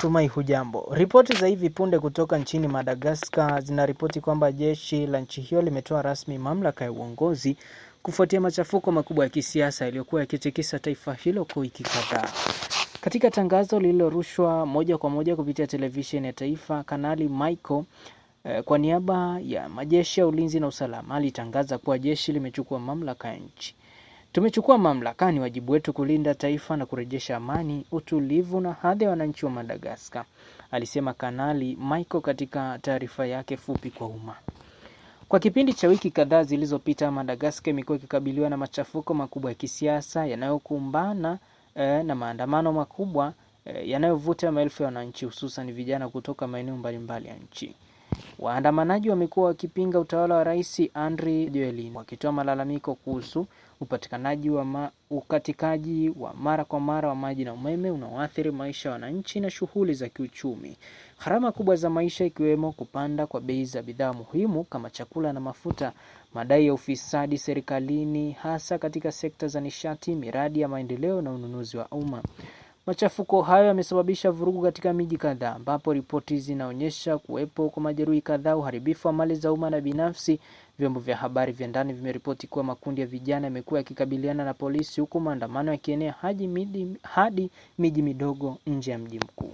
Tumai hujambo. Ripoti za hivi punde kutoka nchini Madagaskar zinaripoti kwamba jeshi la nchi hiyo limetoa rasmi mamlaka ya uongozi kufuatia machafuko makubwa ya kisiasa yaliyokuwa yakitikisa taifa hilo kwa wiki kadhaa. Katika tangazo lililorushwa moja kwa moja kupitia televisheni ya taifa, Kanali Michael eh, kwa niaba ya majeshi ya ulinzi na usalama alitangaza kuwa jeshi limechukua mamlaka ya nchi. Tumechukua mamlakani wajibu wetu kulinda taifa na kurejesha amani, utulivu na hadhi ya wananchi wa Madagaskar, alisema Kanali Michael katika taarifa yake fupi kwa umma. Kwa kipindi cha wiki kadhaa zilizopita, Madagaskar imekuwa ikikabiliwa na machafuko makubwa ya kisiasa yanayokumbana eh, na maandamano makubwa eh, yanayovuta maelfu ya wananchi, hususan vijana kutoka maeneo mbalimbali ya nchi. Waandamanaji wamekuwa wakipinga utawala wa Rais Andry Rajoelina wakitoa malalamiko kuhusu upatikanaji wa ma, ukatikaji wa mara kwa mara wa maji na umeme unaoathiri maisha ya wananchi na shughuli za kiuchumi. Gharama kubwa za maisha ikiwemo kupanda kwa bei za bidhaa muhimu kama chakula na mafuta, madai ya ufisadi serikalini hasa katika sekta za nishati, miradi ya maendeleo na ununuzi wa umma. Machafuko hayo yamesababisha vurugu katika miji kadhaa ambapo ripoti zinaonyesha kuwepo kwa majeruhi kadhaa, uharibifu wa mali za umma na binafsi. Vyombo vya habari vya ndani vimeripoti kuwa makundi ya vijana yamekuwa yakikabiliana na polisi, huku maandamano yakienea hadi miji midogo nje ya mji mkuu.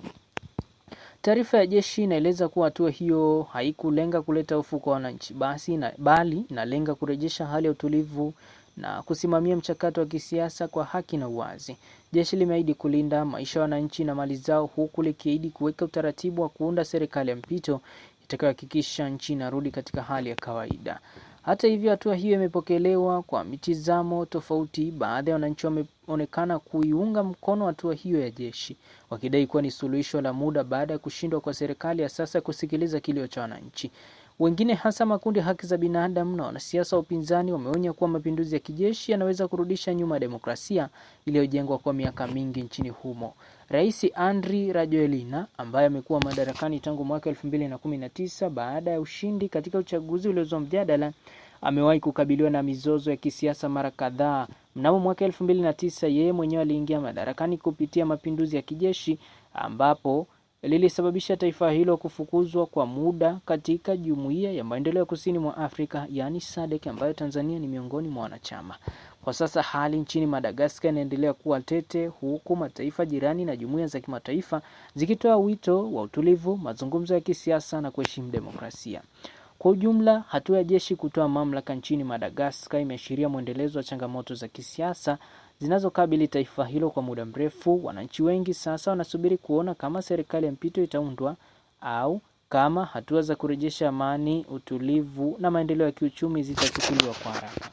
Taarifa ya jeshi inaeleza kuwa hatua hiyo haikulenga kuleta hofu kwa wananchi basi na, bali inalenga kurejesha hali ya utulivu na kusimamia mchakato wa kisiasa kwa haki na uwazi. Jeshi limeahidi kulinda maisha ya wananchi na mali zao, huku likiahidi kuweka utaratibu wa kuunda serikali ya mpito itakayohakikisha nchi inarudi katika hali ya kawaida. Hata hivyo, hatua hiyo imepokelewa kwa mitizamo tofauti. Baadhi ya wananchi wameonekana kuiunga mkono hatua hiyo ya jeshi, wakidai kuwa ni suluhisho la muda baada ya kushindwa kwa serikali ya sasa kusikiliza kilio cha wananchi. Wengine hasa makundi haki za binadamu na wanasiasa wa upinzani wameonya kuwa mapinduzi ya kijeshi yanaweza kurudisha nyuma demokrasia iliyojengwa kwa miaka mingi nchini humo. Rais Andry Rajoelina ambaye amekuwa madarakani tangu mwaka 2019 baada ya ushindi katika uchaguzi uliozua mjadala, amewahi kukabiliwa na mizozo ya kisiasa mara kadhaa. Mnamo mwaka 2009 yeye mwenyewe aliingia madarakani kupitia mapinduzi ya kijeshi ambapo lilisababisha taifa hilo kufukuzwa kwa muda katika jumuiya ya maendeleo ya kusini mwa Afrika yaani SADC ambayo Tanzania ni miongoni mwa wanachama. Kwa sasa hali nchini Madagaskar inaendelea kuwa tete, huku mataifa jirani na jumuiya za kimataifa zikitoa wito wa utulivu, mazungumzo ya kisiasa na kuheshimu demokrasia. Kwa ujumla, hatua ya jeshi kutoa mamlaka nchini Madagaskar imeashiria mwendelezo wa changamoto za kisiasa zinazokabili taifa hilo kwa muda mrefu. Wananchi wengi sasa wanasubiri kuona kama serikali ya mpito itaundwa au kama hatua za kurejesha amani, utulivu na maendeleo ya kiuchumi zitachukuliwa kwa haraka.